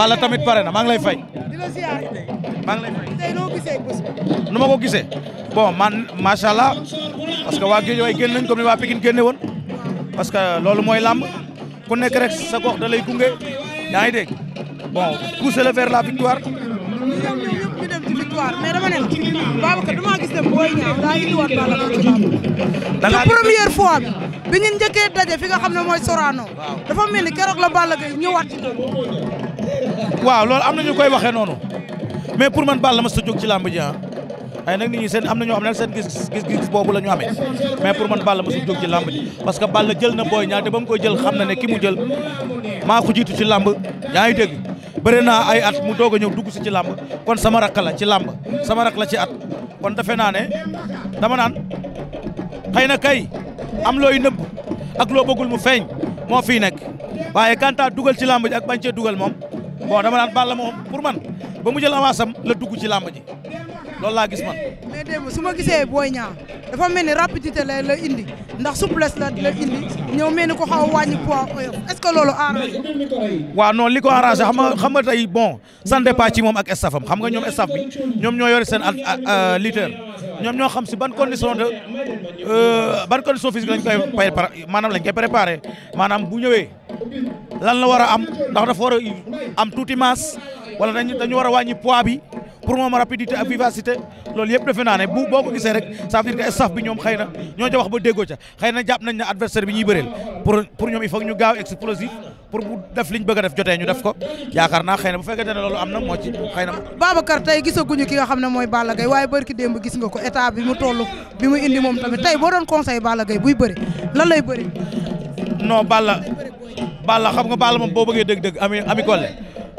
Balla tamit pare na maa lay fay. di la ziar maa ngi lay fay. tey noo nu ma ko gisee bon man macha allah parce que waa Guédiawaye génn nañ comme ni waa Pikine génne woon parce que loolu mooy làmb ku nekk sa gox da lay gunge yaa ngi dégg bon pousser le vers la victoire. mais dama ne Babacar dama gis ne Boy daa indi waat Balla Gaye ci làmb te première fois bi bi ngeen njëkkee daje fi nga xam ne mooy Sorano dafa mel ni keroog la Balla Gaye ñëwaat ci waaw loolu am na ñu koy waxee noonu mais pour man baal la ma ta jóg ci làmb ji ah waaye nag nit ñi seen am na ñoo xam ne seen gis gis boobu la ñu amee mais pour man Balla mës si jóg ci làmb ji parce que Balla jël na Boy Niang te ba mu koy jël xam na ne ki mu jël maa ko jiitu ci làmb yaa ngi dégg bëri naa ay at mu doog a ñëw dugg si ci làmb kon sama rakk la ci làmb sama rakk la ci at kon defe naa ne dama naan xëy na kay am looy nëbb ak loo mu feeñ moo fii nekk waaye kanta dugal ci làmb ak bañ cee dugal moom bon dama naan Balla moom pour man ba mu jël avance la dugg ci làmb ji loolu laa gis ma mais su ma gisee booy ñaa dafa mel ni rapidité la la indi ndax souplesse la la indi ñëw mel ni ko xaw a wàññi poids est-ce que loolu arrangé. waa non li ko arrangé xam nga xam nga tey bon ça dépend ci moom ak staffam xam nga ñoom staff bi ñoom ñoo yore seen lutteur ñoom ñoo xam si ban condition de euh, ban condition physique lañ koy maanaam lañ koy préparé maanaam bu ñëwee lan la war a am ndax dafa war a am tuuti masse wala dañu dañu war a wàññi poids bi. pour moom rapidité ak vivacité loolu yëpp defe naa ne bu boo ko gisee rek ça veut dire que bi ñoom xëy na ñoo ca wax ba déggoo ca xëy na jàpp nañ ne adversaire bi ñuy bëreel pour pour ñoom i faut ñu gaaw explosif pour bu def liñ bëgg a def jotee ñu def ko yaakaar naa xëy na bu fekkente ne loolu am na moo ci xëy na Babacar tey gisaguñu ki nga xam ne mooy baala Gaye waaye bërki démb gis nga ko état bi mu toll bi mu indi moom tamit tey boo doon conseil Balla Gaye buy lay bëri non Balla Balla xam nga Balla moom boo bëggee dëgg-dëgg ami ami Collé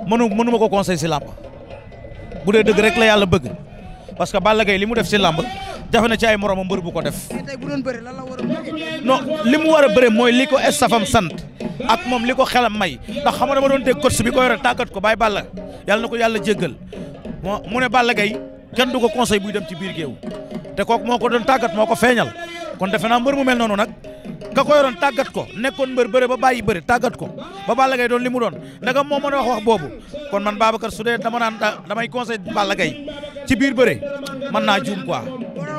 mënu mënu ma ko conseil si bu dee dëgg rek la yàlla bëgg parce que Balla li mu def ci làmb jafe na ci ay moromam mbër bu ko def. tey bu doon bëri lan la war a li mu war a bëre mooy li ko estafam sant ak moom li ko xelam may ndax xam nga dama doon dégg coach bi ko yore tàggat ko bàyyi Balla yàlla na ko yàlla jéggal mu ne Balla Gaye kenn du ko conseil buy dem ci biir géew te kooku moo ko doon tàggat moo ko feeñal kon defe naa mbër mu mel noonu nag nga ko yoroon tàggat ko nekkoon mbër bëre ba bàyyi bëre tàggat ko ba Balla Gaye doon li mu doon ndagam moo mën a wax wax boobu kon man Babacar su dee dama naan damay conseil Balla Gaye ci biir bëre mën naa juum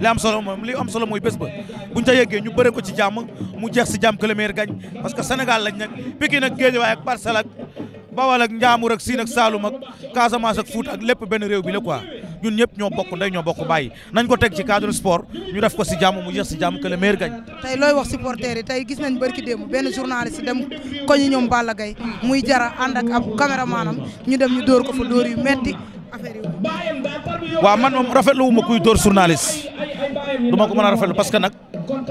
li am solo moom li am solo mooy bés ba buñ ca yeggee ñu bëre ko ci jàmm mu jeex si jàmm que gañ parce que Sénégal lañ nag Pikine ak Guédiawaye ak Parcelles ak Bawol ak Njaamur ak Siin ak Saalum ak Casamance ak Fuuta ak lépp benn réew bi la quoi ñun ñëpp ñoo bokk nday ñoo bokk bàyyi nañ ko teg ci cadre sport ñu def ko si jàmm mu jeex si jàmm que le meilleur gagne. tey looy wax supporters yi tey gis nañ barki démb benn journaliste dem ko ñu ñoom Balla Gaye muy jara ànd ak ab caméramanam ñu dem ñu dóor ko fa dóor yu waaw man moom rafetlu wu ma kuy dóor journaliste du ma ko mën a rafetlu parce que nag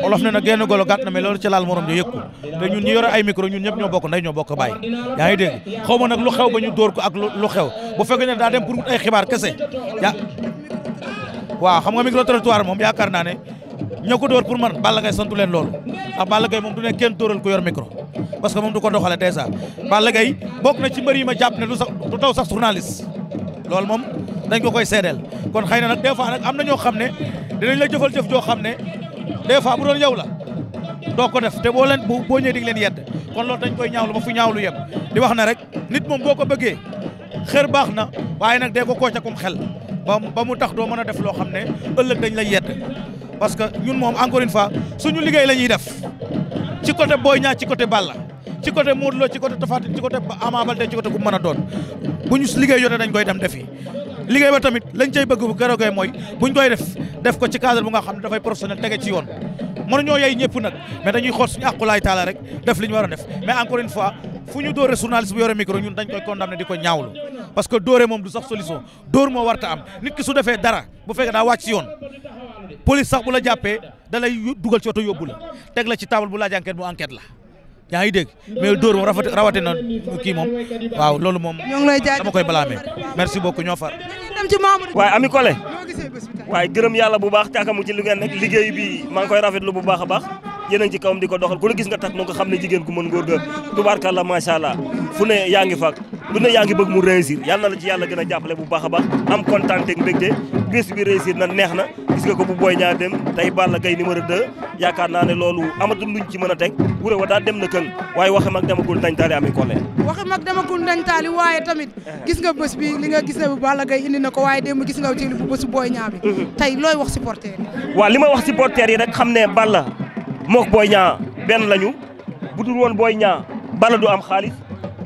olof ne na génn golo gàtt na mais loolu ci laal morom ñu yëkku te ñun ñu yore ay micro ñun ñëpp ñoo bokk nday ñoo bokk baay yaa ngi dégg xaw ma nag lu xew ba ñu dóor ko ak lu xew bu fekkee ne daa dem pour ay xibaar kese ya waaw xam nga micro trottoir moom yaakaar naa ne ñoo ko dóor pour man Balla Gaye santu leen loolu ndax Balla Gaye moom du ne kenn dóoral ko yor micro parce que moom du ko doxale na ci mbër yi ma jàpp ne loolu moom dañ ko koy seedeel kon xëy na nag des fois nag am na ñoo xam ne dinañ la jëfal jëf joo xam ne des fois bu doon yow la doo ko def te boo leen boo ñëwee di leen yedd kon loolu dañ koy ñaawlu ba fu ñaawlu yem di wax na rek nit moom boo ko bëggee xër baax na waaye nag dee ko koo cakum xel ba ba mu tax doo mën a def loo xam ne ëllëg dañ lay yedd parce que ñun moom encore une suñu liggéey la ñuy def ci côté Boy Niang ci côté Balla ci côté Modou Lo ci côté Tapha Tine ci côté Ama Baldé mën a bu ñu liggéey jotee dañ koy dem defi liggéey ba tamit lañ cay bëgg bu gërëgee mooy ñu koy def def ko ci cadre bu nga xam ne dafay professionnel tege ci yoon mënuñoo yey ñëpp nag mais dañuy xool suñu àqulaay taala rek def li ñu war a def mais encore une fois fu ñu dóore journaliste bu yore micro ñun dañ koy condamné di ko ñaawlu parce que dóore moom du sax solution dóor moo warta am nit ki su defee dara bu fekkee daa wàcc yoon police sa bu la jàppee da lay dugal ci teg la ci table bu laaj enquête bu enquête la yaa ngi dégg mais dóor moom rawate na kii moom waaw loolu moom dama koy balaamee merci beaucoup ñoo far waaye Ami Collé waay gërëm yàlla bu baax mu ci li ngeen nekk liggéey bi maa ngi koy rafetlu bu baax baax yéen a ngi di ko doxal ku la gis nga takk na ko xam ne jigéen ku mën góor ga tubaarkàlla macha allah fu ne yaa ngi fàq lu ne yaa ngi bëgg mu réussir yàlla na la ci yàlla gën a jàppale bu baax a baax am kontaan ak mbégte bis bi réussir na neex na gis nga ko bu Boy ñaa dem tey Balla Gaye numéro 2 yaakaar naa ne loolu amatul luñ ci mën a teg Wuré wa daal dem na kën waaye waxam ak demagul dañ taali ami collègue waxam ak demagul dañ taali waaye tamit gis nga bés bi li nga gis ne bu Balla Gaye indi na ko waaye dem gis nga ci bu bésu Boy Niang bi mhm. tey looy wax supporter yi waaw li may wax supporter yi rek xam ne Balla mook Boy Niang benn lañu bu dul woon Boy Niang Balla du am xaalis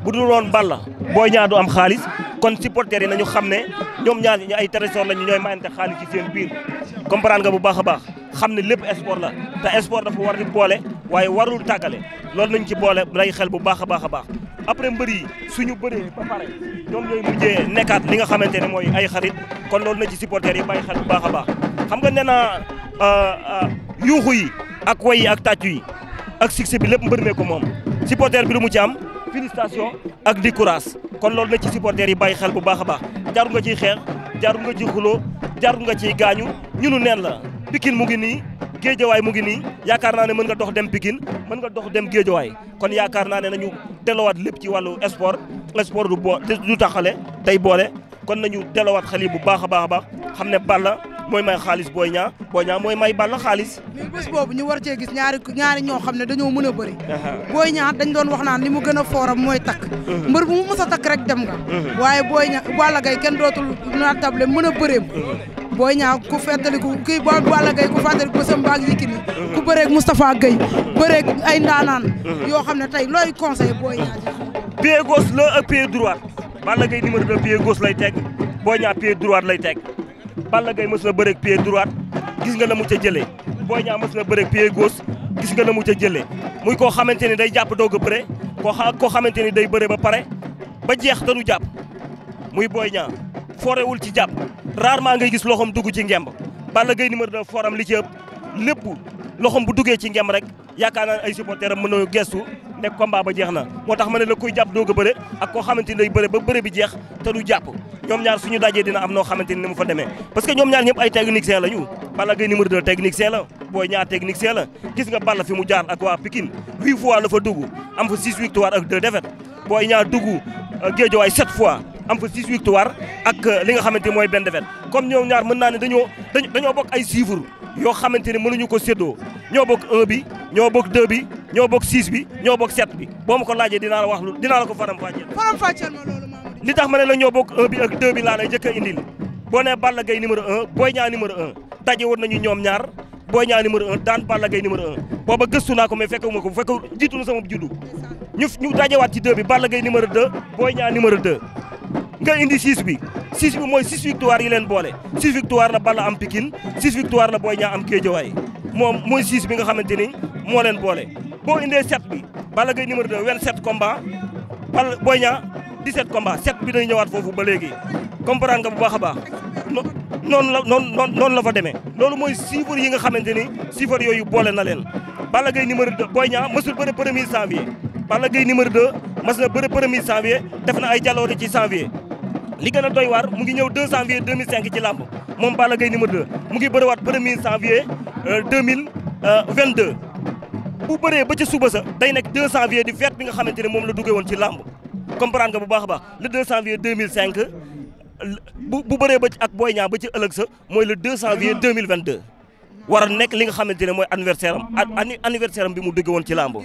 bu dul woon Balla Boy Niang du am xaalis kon supporters yi nañu xam ne ñoom ñaar ñu ay trésor lañu ñooy mayante xaalis ci seen biir comprendre nga bu baax a baax xam ne lépp esport la te sport dafa war di boole waaye warul tàggale loolu nañ ci boole lay xel bu baax a baax a baax après mbër yi suñu bëree ba pare ñoom ñooy mujjee nekkaat li nga xamante ne mooy ay xarit kon loolu na ci supporters yi bàyyi xel bu baax a baax xam nga nee naa euh, euh, yuuxu yi ak way ak tàccu yi ak succès lépp mbër mee ko moom supporter bi lu mu ci am félicitation ak di courage kon loolu na ci supporters yi bàyyi xel bu baax a baax jaru nga ciy xeex jaru nga ciy xuloo jaru nga ciy gaañu ñunu neen la Pikine mu ngi nii géejawaay mu ngi nii yaakaar naa ne mën nga dox dem Pikine mën nga dox dem géejawaay kon yaakaar naa ne nañu delluwaat lépp ci wàllu sport sport du boo du taxale tey boole kon nañu delluwaat xel yi bu baax a baax a xam ne Balla mooy may xaalis booy ñaa Boy Niang mooy may Balla xaalis. mais bés boobu ñu war cee gis ñaari ñaari ñoo xam ne dañoo mën a bëri. Boy Niang dañ doon wax naan ni mu gën a fooram mooy takk. mbër bu mu mës takk rek dem nga. waaye booy Boy Niang Balla Gaye kenn dootul naatable mën a bëreem. booy Niang ku fàttaliku kii Balla Gaye ku fàttaliku bésam baag Yékini ku bëreeg Moustapha Gueye bëreeg ay ndaanaan. yoo xam ne tey looy conseil Boy Niang. pied gauche la ak pied droit Balla Gaye numéro 2 lay teg Boy Niang pied lay teg. Balla Gaye mës na bëre ak pied gis nga la mu ca jëlee Boy Niang mës na bëre ak pied gis nga la mu ca jëlee muy koo xamante ni day jàpp doog a bëre koo xa koo xamante ni day bëre ba pare ba jeex te du jàpp muy booy Niang forewul ci jàpp rarement ngay gis loxoom dugg ci ngemb Balla Gaye numéro 2 foram li ci ëpp lépp loxoom bu duggee ci ngemb rek yaakaar naan ay supporteram mën na gestu nekk combat ba jeex na moo tax ma na la kuy jàpp doog a ak koo xamante ni day bëre ba bëre bi jeex te du jàpp ñoom ñaar suñu dajee dina am noo xamante ni mu fa demee parce que ñoom ñaar ñëpp ay technicien lañu Balla Gaye numéro 2 technicien la Boy Niang technicien la gis nga Balla fi mu jaar ak waa Pikine huit fois la fa dugg am fa six victoire ak deux défaites Boy Niang dugg euh, Guédiawaye sept fois am fa six victoire ak euh, li nga xamante mooy benn défaite comme ñoom naa ne dañoo dañoo bokk ay chiffres yoo xamante ni mënuñu ko séddoo ñoo bokk 1 bi ñoo bokk 2 bi ñoo bokk 6 bi ñoo bokk 7 bi boo ma ko laajee dinaa la wax lu dinaa la ko faram fàcceel. ma loolu li tax ma ñoo bokk 1 bi ak 2 bi laa lay njëkk a indil boo nee Balla Gaye numéro 1 Boy Niang numéro 1 daje woon nañu ñoom ñaar Boy Niang numéro 1 daan Balla Gaye numéro 1 booba gëstu naa ko mais fekkuma ko bu fekkee jiitu na sama juddu ñu ñu dajewaat ci 2 bi Balla Gaye numéro 2 Boy Niang numéro 2. nga indi 6 bi 6 bi mooy 6 victoire yi boole 6 victoire la Balla am Pikine 6 victoire la moom mooy siis bi nga xamante ni moo leen boole. boo indee set bi Balla Gaye numéro 2 27 combats Balla Boy Niang 17 combats set bi day ñëwaat foofu ba léegi comprendre nga bu baax a baax noonu la noonu noonu la fa demee. loolu mooy chiffres yi nga xamante ni chiffres yooyu boole na leen Balla Gaye numéro 2 Boy Niang mësul bëre premier janvier Balla Gaye numéro 2 mas na bëre premier janvier def na ay jaloore ci janvier. li gën a doy waar mu ngi ñëw 2 janvier 2005 ci làmb moom Balla Gaye numéro 2 mu ngi bëriwaat premier janvier Euh, deux mille euh, vingt deux bu bëree ba ca suba sa day nekk deux janvier di fête bi nga xamante ne moom la duggee woon ci làmb comprendre nga bu baax a baax le deux janvier deux mille cinq bu bu bëree ba ci ak Boy Niang ba ci ëllëg sa mooy le deux janvier deux mille vingt deux war a nekk li nga xamante ne mooy anniversaire am anniversaire am bi mu duggee woon ci làmb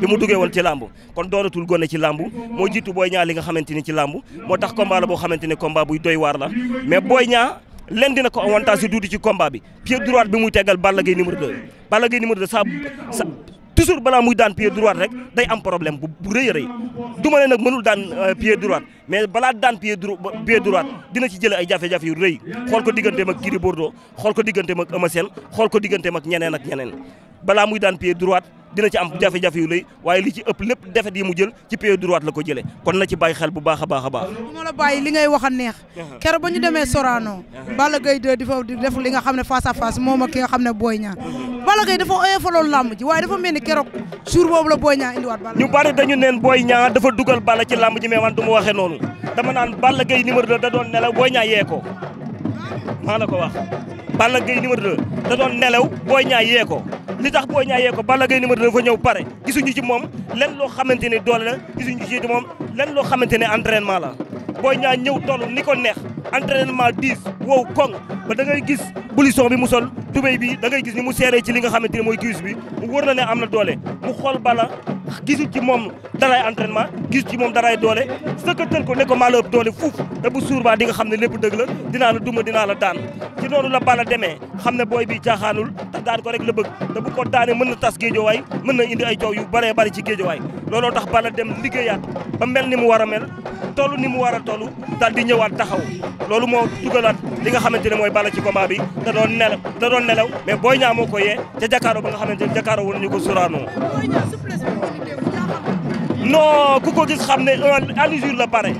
bi mu duggee woon ci làmb kon doonatul gone ci làmb moo jiitu Boy Niang li nga xamante ni ci làmb moo tax combat boo xamante ne combat buy doy waar la mais Boy Niang leen dina ko avantage tuuti ci combat bi pied droit bi muy tegal Balla Gaye numéro 2 Balla Gaye numéro 2 saa sa toujours balaa muy daan pied droit rek day am problème bu bu rëy a rëy du ma ne nag mënul daan euh, pied droit mais balaa daan pied pied droit dina ci jëlee ay jafe-jafe yu rëy xool ko digganteem ak Gris Bordeaux xool ko digganteem ak Eumeu Sène xool ko digganteem ak ñeneen ak ñeneen balaa muy daan pied droite dina ci am jafe-jafe waaye li ci ëpp lépp defet yi mu jël ci pied droite la ko jëlee kon na ci bàyyi xel bu baax a baax a baax. du ma la bàyyi li ngay wax a neex. keroog ba ñu demee Sorano. Balla Gaye 2 di fa def li nga xam ne face à face moom ak i nga xam ne Boy Niang. Balla Gaye dafa oyofaloon làmb ji waaye dafa mel ni keroog jour boobu la Boy Niang indiwaat Balla. ñu bari dañu neen booy Niang dafa dugal Balla ci làmb ji mais man du ma waxee noonu dama naan Balla Gaye numéro 2 da doon nelaw Boy ko maa la ko wax Balla Gaye numéro 2 da doon nelaw ñaa Niang yee ko li tax Boy Niang ko Balla Gaye numéro 2 dafa ñëw pare gisuñu ci moom lenn loo xamante ne doole la gisuñu ci moom lenn loo xamante ne entraînement la Boy ñaa ñëw toll ni ko neex entraînement diis wow koŋ ba da ngay gis blouson bi mu sol tubéy bi da ngay gis ni mu seeree ci li nga xamante ne mooy cuisse bi mu wër na ne am na doole mu xool Balla gisul ci moom daray entraînement gisul ci moom daray doole sëkkatal ko ne ko maa la ëpp doole fuuf te bu suur baa di nga xam ne lépp dëgg la dinaa la duma dinaa la daan ci noonu la bala demee xam ne booy bi caaxaanul te daan ko rek la bëgg te bu ko daanee mën na tas géejowaay mën na indi ay coow yu bëree bëri ci géejowaay looloo tax bala dem liggéeyaat ba mel ni mu war a mel toll ni mu war a toll daal di ñëwaat taxaw loolu moo dugalaat li nga xamante ne mooy bala ci combat bi da doon nelaw da doon nelaw mais booy ñaa ko yee ca ba nga xamante ne jakaaro woon ñu ko suraanoo non ku ko gis xam ne à la pare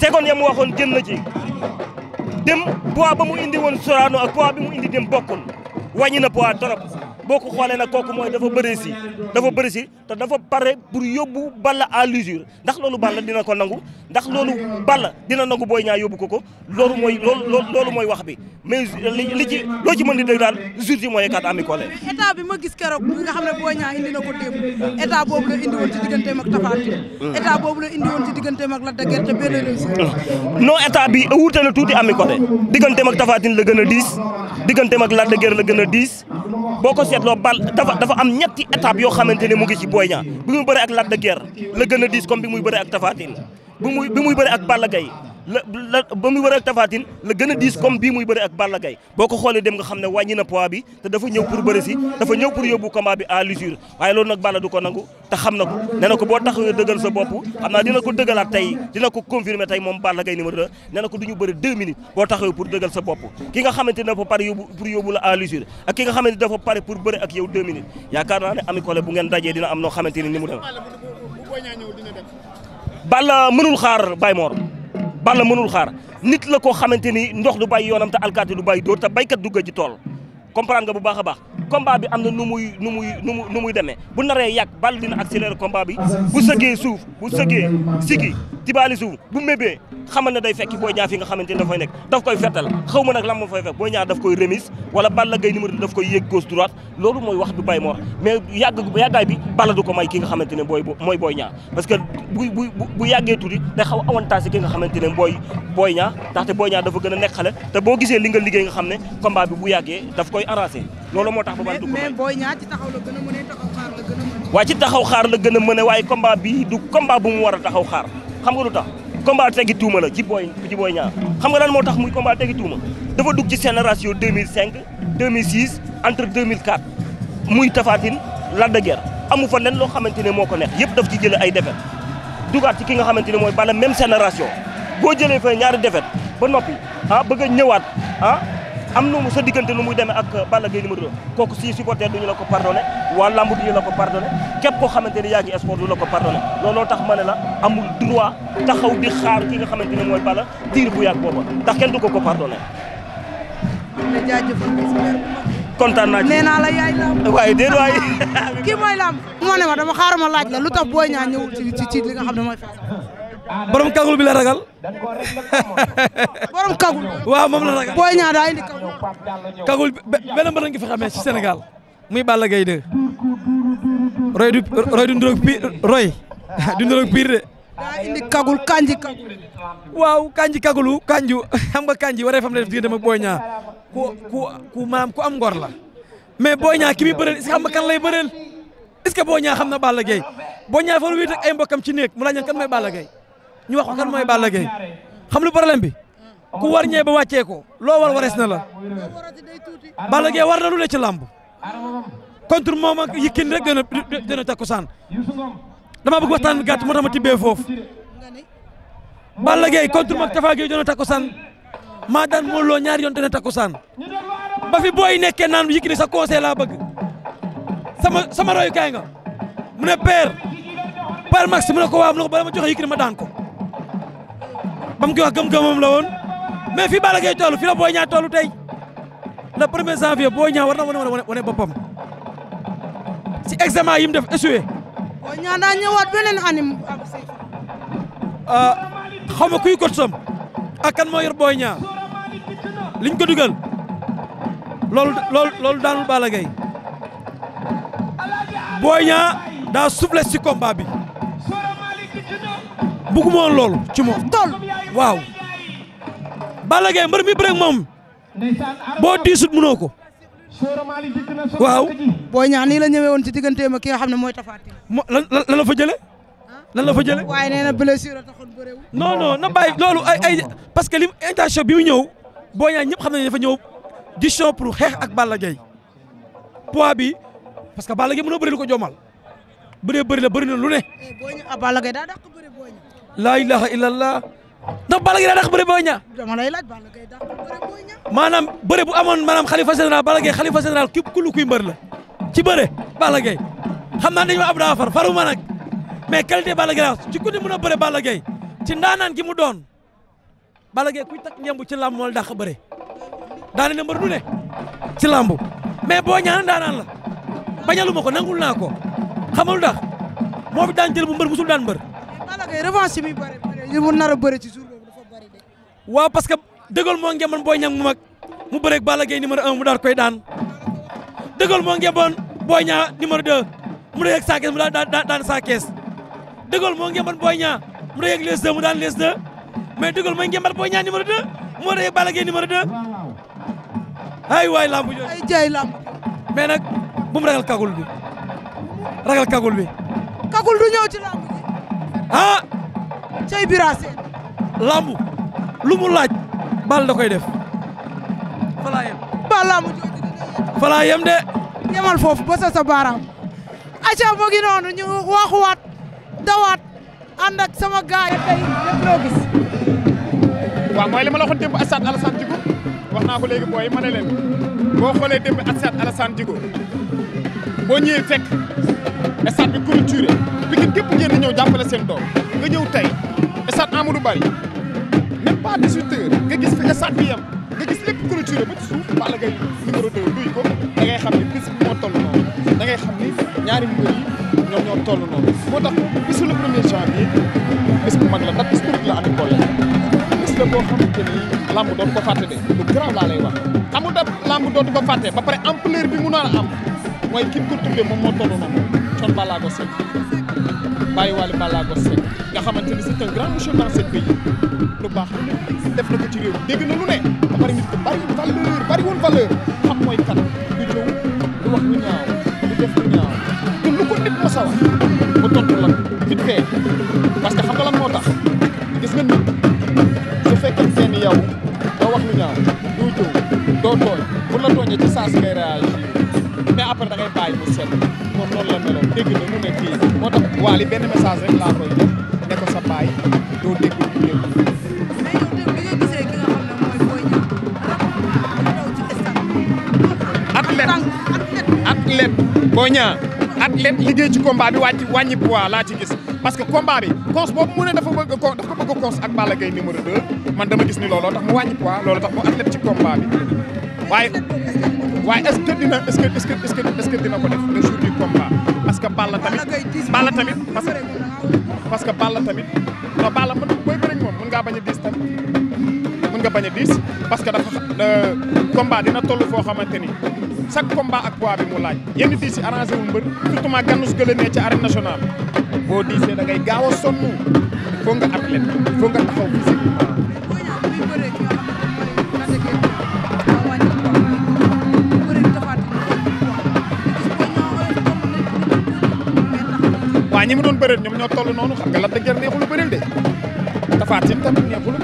seconde ya mu waxoon jën na ci dem poids ba mu indi woon Sorano ak poids bi mu indi dem bokkul wàññi na poids trop boo ko xoolee nag kooku mooy dafa bëri si dafa bëri si te dafa pare pour yóbbu Balla à l'usure ndax loolu Balla dina ko nangu ndax loolu Balla dina nangu Boy Niang yóbbu ko ko loolu mooy loolu loolu mooy wax bi mais li ci loo ci mën di déglu daal jour ji mooy état bi ma gis keroog nga xam ne Boy Niang indi na ko démb état boobu la indiwoon ci digganteem ak Tapha Tine. état boobu la indiwoon ci digganteem ak Lac de Guiers te benn réussite. non état bi wuute na la a diis la gën a diis boo seetloo bal dafa dafa am ñetti étape yoo xamante ne mu ngi ci Boy Niang bi muy bëre ak Lac de Guiers la gën a diis comme bi muy bëre ak Tapha bu muy bi muy bëri ak Balla Gaye la la ba muy bëri ak Tapha la gën a diis comme bii muy bëri ak Balla Gaye boo ko xoolee dem nga xam ne wàññi na poids bi te dafa ñëw pour bëri si dafa ñëw pour yóbbu combat bi à waaye loolu nag Balla du ko nangu te xam na ko nee na ko boo taxawee dëggal sa bopp xam naa dina ko dëggalaat tey dina ko confirmer tey moom Balla Gaye numéro 2 nee na ko du ñu bëri 2 minutes boo taxawee pour dëggal sa bopp ki nga xamante ne dafa pare yóbbu pour yóbbu la à l'usure dafa pare pour bëri ak yow 2 naa ne Ami Collé bu ngeen dajee dina am noo xamante ni ni mu dem Balla mënul xaar Baye Mor Balla mënul xaar nit la koo xamante ni ndox du bàyyi yoonam te alkaati du bàyyi dóor te baykat du gëj ci tool comprendre nga bu baax a baax combat bi am na nu muy nu muy nu mu nu muy demee bu naree yàgg bal dina accélérer combat bi bu sëggee suuf bu sëggee sigi tibaali suuf bu mébee xamal ne day fekki booy ñaar fi nga xamante ni nekk daf koy fettal xaw ma nag lan moo fay fekk booy ñaar daf koy remise wala Balla Gaye numéro daf koy yéeg droite loolu mooy wax bi bay moo mais yàgg yàggaay bi Balla du ko may ki nga xamante ne booy mooy booy ñaar parce que bu bu bu yàggee ki nga xamante ne booy booy ñaar a nekk xale boo gisee li nga liggéey nga xam ne combat bi bu koy arrangé loolu moo tax Balla du ko taxaw xaar la gën a waaye ci taxaw xaar la gën a waaye combat bii du combat bu mu war a taxaw xaar xam nga du tax combat teggi tuuma la ci Boy ci Boy Niang xam nga lan moo tax muy combat teggi tuuma dafa dugg ci génération 2005 2006 entre 2004 muy Tapha Tine Lac de Guiers amu fa lenn loo xamante ne moo ko neex yëpp daf ci jëlee ay défaite dugaat ci ki nga xamante ne mooy Balla même génération boo jëlee fa ñaari défaite am na sa diggante lu muy demee ak Balla Gaye numéro 2 kooku si supporter du ñu la ko pardonné waa lamb du ñu la ko pardonné képp koo xamante ne yaa ngi sport du la ko pardonné looloo tax ma ne la amul droit taxaw di xaar ki nga xamante ne mooy Balla diir bu yàgg booba ndax kenn du ko ko pardonné. la kontaan naa ci naa la yaay lamb waaye déedéet waaye kii mooy lamb moo ne ma dama xaaral ma laaj la lu tax booy ñaa ñëwul ci ci li nga xam ne mooy borom kagul bi la ragal. borom kagul. waaw moom la ragal. booy ñaa daa indi kagul. kagul benn mbër nga fi xamee ci Sénégal muy Balla Gaye 2. roy du roy du piir roy du piir de. daa indi kagul kanji kagul. waaw kanji kagulu kanju xam nga kanji waree fam la def diggante ak ku ku maam ku am ngor la mais booy ñaa ki muy bëreel est-ce que xam nga kan lay bëreel. est-ce que boo na Balla boo ñaa fa wéet ak ay mbokkam ci néeg mu laaj kan mooy Balla Gaye ñu wax ko kan mooy Balla Gaye xam lu problème bi ku war ñee ba wàccee ko loo war warees na la Balla Gaye war na lu ne ci làmb contre moom ak Yékini rek dana dana takkusaan dama bëgg waxtaan bi gàtt moo tax ma tibbee foofu Balla Gaye contre moom ak Tapha Gueye dana takkusaan maa daan moo loo ñaari yoon dana takkusaan ba booy nekkee naan Yékini sa conseil laa bëgg sama sama royukaay nga mu ne père père max mu ne ko waaw mu ne ma joxe Yékini ma daan ko ba mu koy wax gëm-gëmam la woon mais fi Balla Gaye toll fi la Boy Niang tey le premier janvier Boy war na wane wane wane boppam si examen yi mu def échoué. Boy Niang daa ñëwaat beneen anim. Ah, xaw ma kuy kot sam ak kan moo yor Boy liñ ko dugal loolu loolu daanul Balla Gaye Boy daa soufflé si combat bi. bugguma woon loolu ci moom toll waaw Balla mbër mi bëreeg moom boo diisut mënoo ko waaw boo ñaa nii la ñëwee woon ci digganteem ak ki nga xam ne mooy tafaati moo lan lan la fa jële la fa jële na blessure taxoon bëreew non non na bàyyi loolu ay parce que li intention bi ñëw boo ñaa ñëpp xam nañu dafa ñëw décision pour xeex ak Balla Gaye poids parce que Balla Gaye mënoo ko joomal bëree bëri la na lu ne. Eh, boo ñëw ah, Balla daa dàq bëri boo laa ilaha illallah ndax Balla Gaye daa dàq bëre Boy Niang. laaj Balla bëre maanaam bëre bu amoon maanaam xalifa général Balla Gaye xalifa général képp ku kuy mbër la ci bëre Balla Gaye xam naa dañu ma ab daa far faruma nag mais qualité Balla Gaye ci ku di mën bëre Balla ci ndaanaan gi mu doon Balla Gaye kuy takk ñemb ci làmb moo la dàq bëre daane na mbër du ne ci làmb mais Boy Niang ndaanaan la bañaluma ko nangul naa ko xamal ndax moo fi daan jël bu mbër musul daan mbër. Balla Gaye revanche mi bëri li mu nar a bëri ci jour boobu dafa bëri de. waaw parce que dëggal moo ngeeman Boy Niang mu mag mu bëreeg Balla Gaye numéro 1 mu daal koy daan moo ngeeman Boy Niang numéro 2 mu doon yegg saa kees mu daal daan daan saa kees moo ngeeman Boy Niang mu doon yegg les mais dëggal moo ngeeman Boy Niang numéro 2 mu doon yegg Balla Gaye numéro 2 ay waay lamb jooju ay jaay mais nag ragal kagul bi ragal kagul bi. ah cay Bira Sène lambu lu mu laaj bal da koy def falaa yem ba lambu jooju de yemal foofu ba sa baaraam aca mu noonu ñu waxuwaat dawaat ànd sama gaay tey lépp loo gis waaw mooy li ma la waxoon démb Assane Alassane Djigo wax naa ko léegi booy ma ne leen boo xoolee démb Assane Alassane Djigo boo ñëwee fekk bi culture Pikine képp ngeen di ñëw jàppale seen doom nga ñëw tey stade Amadou Barry même pas 18 heures nga gis fi stade bi yem nga gis lépp culture ba ci suuf Balla Gaye ko da xam ni bis moo toll noonu da xam ni ñaari mbir yi ñoom ñoo toll noonu moo tax bisu le premier janvier bis bu mag la ndax historique la Aliou Kolle bis la boo xamante ni lamb dootu ko fàtte de lu grave laa lay wax amul dootu ko fàtte ba pare ampleur mu nar a mooy ki ko tuddee moom moo toll noonu Thione Ballago Seck Baye Waly Ballago Seck nga xamante ni c'est un grand monsieur dans ce lu baax lu ne def na ko ci réew dégg na lu ne ba pare nit ku bari valeur bari woon valeur xam mooy kan du jëw du wax lu ñaaw du def lu ñaaw te lu ko nit mos a wax mu tontu la vite fait parce que xam nga lan moo tax gis nga nit su fekkee seen yow doo wax lu ñaaw doo jëw doo tooñ pour la tooñee ci saa si ngay bàyyi mu set moom noonu la meloon moo tax Wally benn message rek sa baay doo dégg lu dégg. mais yow tamit bi nga gisee liggéey ci combat bi wàcc wàññi poids laa ci gis. parce que combat bi cons boobu mu ne dafa bëgg a dafa ko ak Balla Gaye numéro 2 man dama gis ni looloo tax mu wàññi poids looloo tax mu athlète ci combat bi. waaye waaye est-ce que dina est-ce que est-ce dina ko def le jour du parce que Balla tamit Balla tamit parce que parce que Balla tamit non Balla mën booy bëri moom mën ngaa bañ a diis tamit mën nga bañ diis parce que dafa euh, combat dina toll foo xamante ni chaque combat ak poids bi mu laaj yenn diis yi arrangé wu mbër surtout maa gànnu su gëlee nationale boo diisee da ngay gaaw a sonn foo nga athlète foo nga taxaw physique combat ñi mu doon bëreel ñoo toll noonu xam nga Lac de Guiers neexul lu bëreel de Tapha Tine tamit neexul lu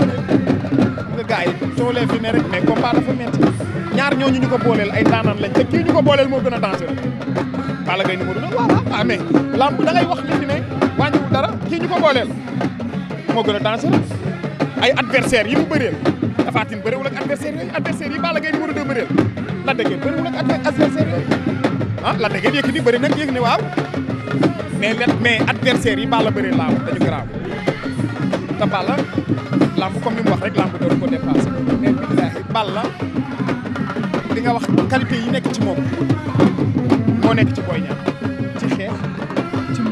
ñu ko booleel ay daanaan lañ te kii ñu ko booleel moo gën a dangereux Balla Gaye numéro 2 voilà ah mais lamb da ngay wax nit ñi ne wàññiwul dara kii ñu ko booleel moo gën a dangereux ay adversaire yi mu bëreel Tapha Tine bëreewul ak adversaire yooyu adversaire yi Balla Gaye numéro 2 bëreel Lac de Guiers bëreewul ak adversaire yooyu la ah, Lac de Guiers yëkk ni bëri nag yëg ne waaw mais mais adversaire yi Balla bëri laaw dañu garaaw te Balla lamb comme ni mu wax rek lamb doon ko dépassé mais billaahi Balla li nga wax qualité yi nekk ci moom moo nekk ci Boy Niang ci xeex ci mu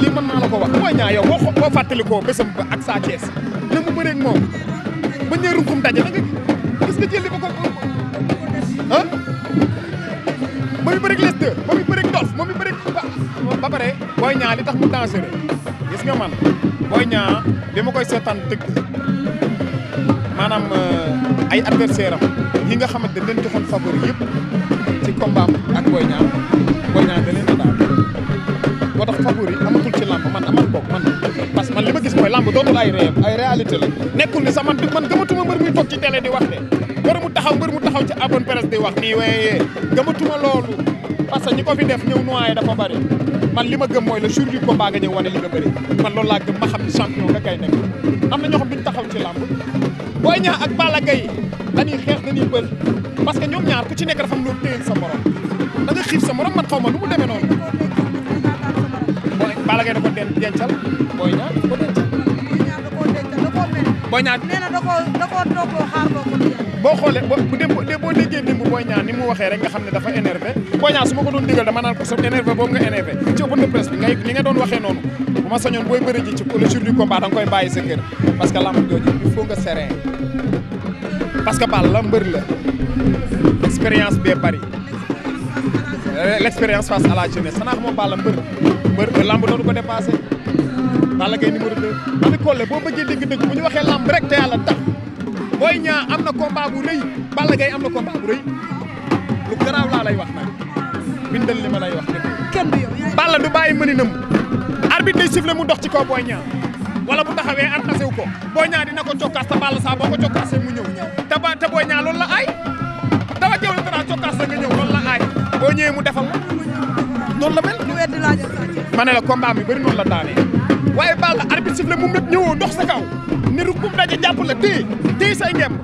lii mën naa la ko wax Boy Niang yow boo boo fàttalikoo bésam ba ak Sa Thiès na mu bëreeg moom ba ñëw ruŋkum daje na nga jël li ba ko ah ba mu bëreeg les deux mu bëreeg dof ba mu bëreeg ba pare Boy Niang li tax mu dangereux gis nga man Boy Niang li ma koy seetaan dëgg maanaam euh, ay adversaire am nga xamante dañ leen joxoon favori yëpp ci combat ak Boy Niang Boy Niang da leen a daal moo tax favori amatul ci làmb man amal boog man parce man li ma gis mooy làmb dootul ay réew ay réalité la nekkul ni sax man man gëmatuma mbër muy toog ci télé di wax de mbër mu taxaw mbër mu taxaw ci abonne presse di wax nii waaye gëmatuma loolu parce que ñi ko fi def ñëw noyé dafa bëri man li ma gëm mooy le jour du combat nga ñëw wane li nga bëri man loolu laa gëm ma xam ne champion nga kay nekk am na ñoo xam duñ taxaw ci làmb Boy Niang ak Balla Gaye dañuy xeex dañuy bël parce que ñoom ñaar ku ci nekk dafa am loolu téyel sa morom da nga xiif sa morom man xaw ma lu mu demee noonu Balla Gaye da ko den dencal Boy Niang da ko dencal Boy Niang da koo dencal da koo mel Boy boo xoolee bu dee boo boo déggee démb Boy Niang ni mu waxee rek nga xam ne dafa énervé Boy Niang su ma ko doon digal dama naan ko sa énervé boobu nga énervé ci open de presse bi ngay li nga doon waxee noonu bu ma sañoon booy bëri ji ci le jour du combat da nga koy bàyyi sa kër parce que lamb jooju il faut nga serein parce que la mbër la expérience bee bari l' expérience face à la jeunesse xanaa xamoo Balla mbër mbër lamb doonu ko dépassé Balla Gaye numéro 2 Boy Niang am na combat bu rëy Balla Gaye am na combat bu rëy lu garaaw laa lay wax nag bindal li ma lay wax rek. Balla du bàyyi mëninam. arbitre day siffler mu dox ci kaw Boy Niang wala bu taxawee arnasé wu ko Boy Niang dina ko cokkaas te Balla saa boo ko cokkaasee mu ñëw te ba te Boy Niang loolu la aay dafa jëw la cokkaas la nga ñëw loolu la aay boo ñëwee mu defal noonu la mel. lu weddi laa jël ma ne la combat mi bëri noonu la daanee waaye Balla arbitre siffler mu mépp ñëwoo dox sa kaw. ne ru kum daje jàpp la téye téye say ngem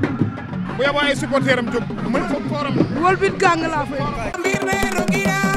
bu yaboo ay supporteram jóg mën fa kooram. wol bit gàng laa fay.